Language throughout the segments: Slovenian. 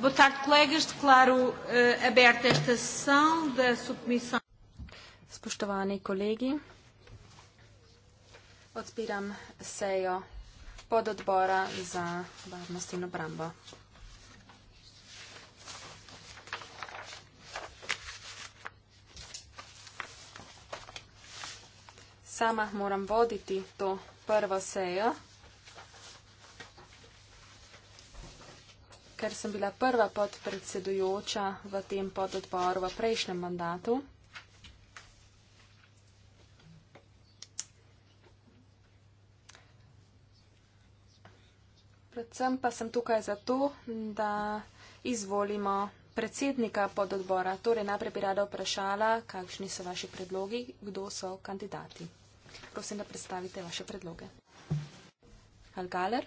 Boa tarde, colegas. Declaro uh, aberta esta sessão da submissão. Spoštovani kolegi, odpiram sejo pododbora za varnost in obrambo. Sama moram voditi to prvo sejo. ker sem bila prva podpredsedujoča v tem pododboru v prejšnjem mandatu. Predvsem pa sem tukaj zato, da izvolimo predsednika pododbora. Torej, najprej bi rada vprašala, kakšni so vaši predlogi, kdo so kandidati. Prosim, da predstavite vaše predloge. Algaler.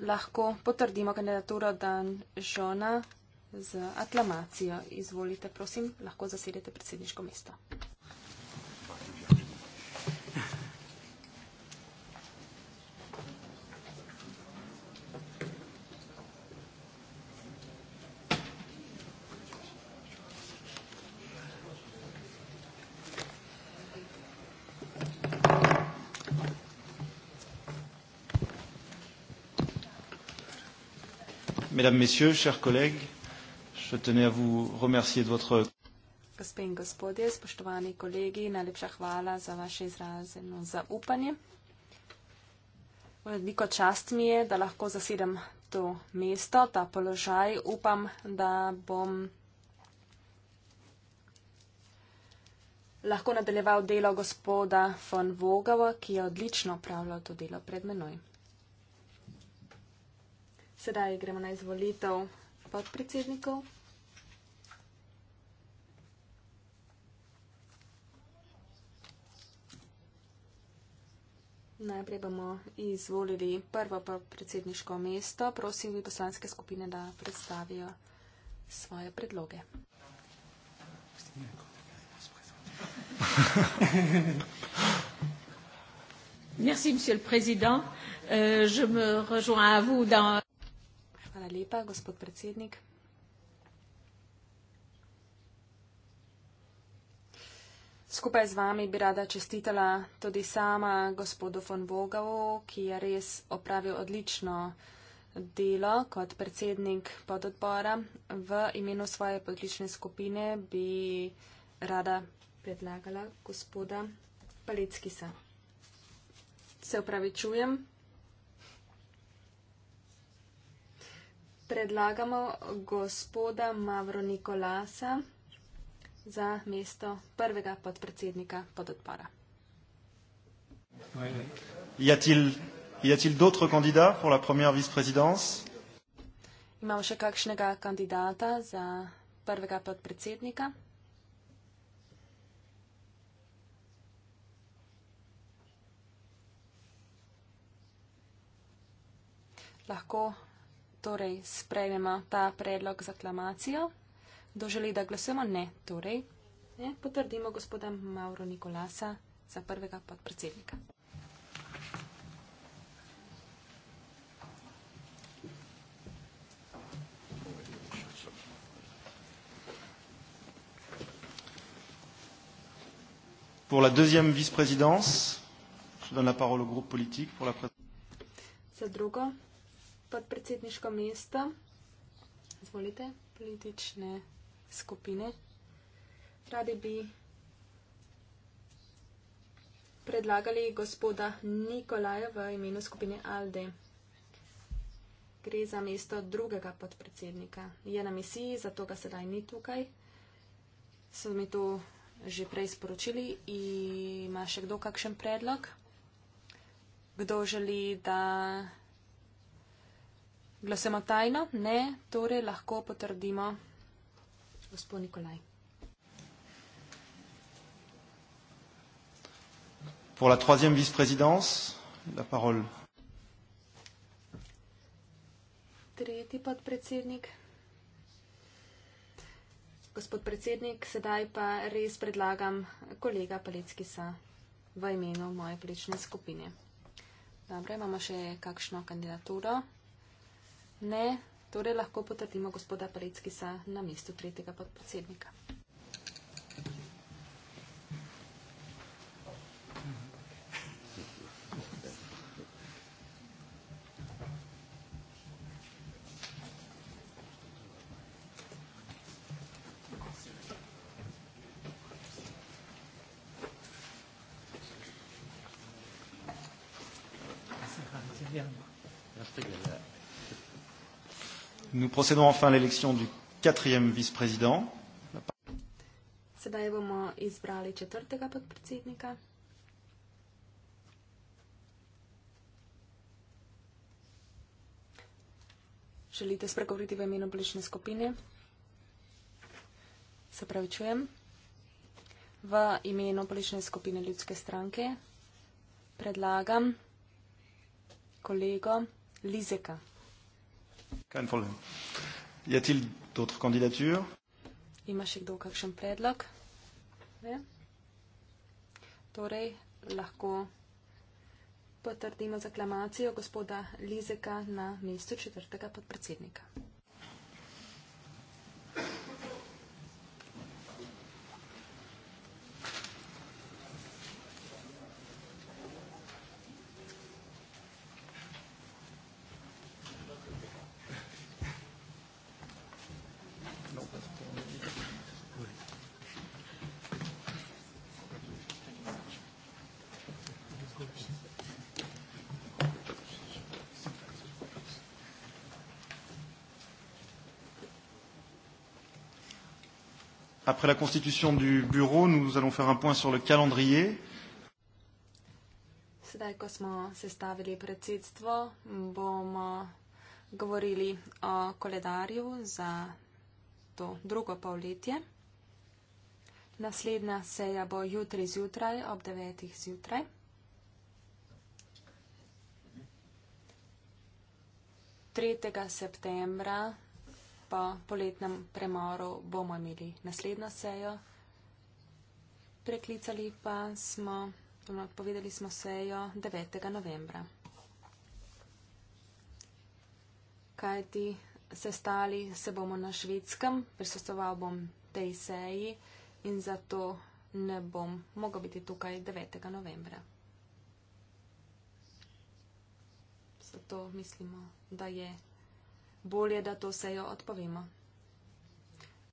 lahko potrdimo kandidaturo Dan Žona z aklamacijo. Izvolite, prosim, lahko zasedete predsedniško mesto. Mesdames, Messieurs, chers collègues, je tenais à vous remercier de votre. Gospe in gospodje, spoštovani kolegi, najlepša hvala za vaše izrazeno zaupanje. Veliko čast mi je, da lahko zasedem to mesto, ta položaj. Upam, da bom lahko nadaljeval delo gospoda von Vogava, ki je odlično pravljal to delo pred menoj. Sedaj gremo na izvolitev podpredsednikov. Najprej bomo izvolili prvo predsedniško mesto. Prosim bi poslanske skupine, da predstavijo svoje predloge. Merci, monsieur le Président. Euh, je me rejoins à vous dans lepa, gospod predsednik. Skupaj z vami bi rada čestitala tudi sama gospodu von Vogavu, ki je res opravil odlično delo kot predsednik pododbora. V imenu svoje podlične skupine bi rada predlagala gospoda Paleckisa. Se upravičujem. predlagamo gospoda Mavro Nikolasa za mesto prvega podpredsednika pododpora. Imamo še kakšnega kandidata za prvega podpredsednika? Lahko torej sprejmemo ta predlog za aklamacijo. Kdo želi, da glasujemo? Ne. Torej, ne, potrdimo gospoda Mauro Nikolasa za prvega podpredsednika. Pour la deuxième vice-présidence, je donne la parole au groupe politique pour la présentation podpredsedniško mesto, izvolite, politične skupine. Radi bi predlagali gospoda Nikolaja v imenu skupine Alde. Gre za mesto drugega podpredsednika. Je na misiji, zato ga sedaj ni tukaj. So mi to že prej sporočili. Ima še kdo kakšen predlog? Kdo želi, da Glasemo tajno? Ne, torej lahko potrdimo. Gospod Nikolaj. Pour la troisième vice-présidence, la parole. Tretji podpredsednik. Gospod predsednik, sedaj pa res predlagam kolega Paleckisa v imenu moje politične skupine. Dobro, imamo še kakšno kandidaturo. Ne, torej lahko potrdimo gospoda Paleckisa na mestu tretjega podpredsednika. Yeah. Nous procédons enfin à l'élection du quatrième vice-président. Sedaj bomo izbrali četrtega podpredsednika. Želite spregovoriti v imenu bližne skupine? Se pravi, čujem. V imenu bližne skupine ljudske stranke predlagam kolego Lizeka. Kein Problem. Y a-t-il d'autres candidatures Ima še kdo kakšen predlog? Ne? Torej, lahko potrdimo zaklamacijo gospoda Lizeka na mesto četrtega podpredsednika. Après la constitution du bureau, nous allons faire un point sur le calendrier. Sedaj, ko smo sestavili predsedstvo, bomo govorili o koledarju za to drugo polletje. Naslednja seja bo jutri zjutraj ob 9. zjutraj. 3. septembra pa poletnem premoru bomo imeli naslednjo sejo. Preklicali pa smo, povedali smo sejo 9. novembra. Kaj ti sestali se bomo na švedskem, prisostoval bom tej seji in zato ne bom mogel biti tukaj 9. novembra. Zato mislimo, da je bolje, da to sejo odpovemo.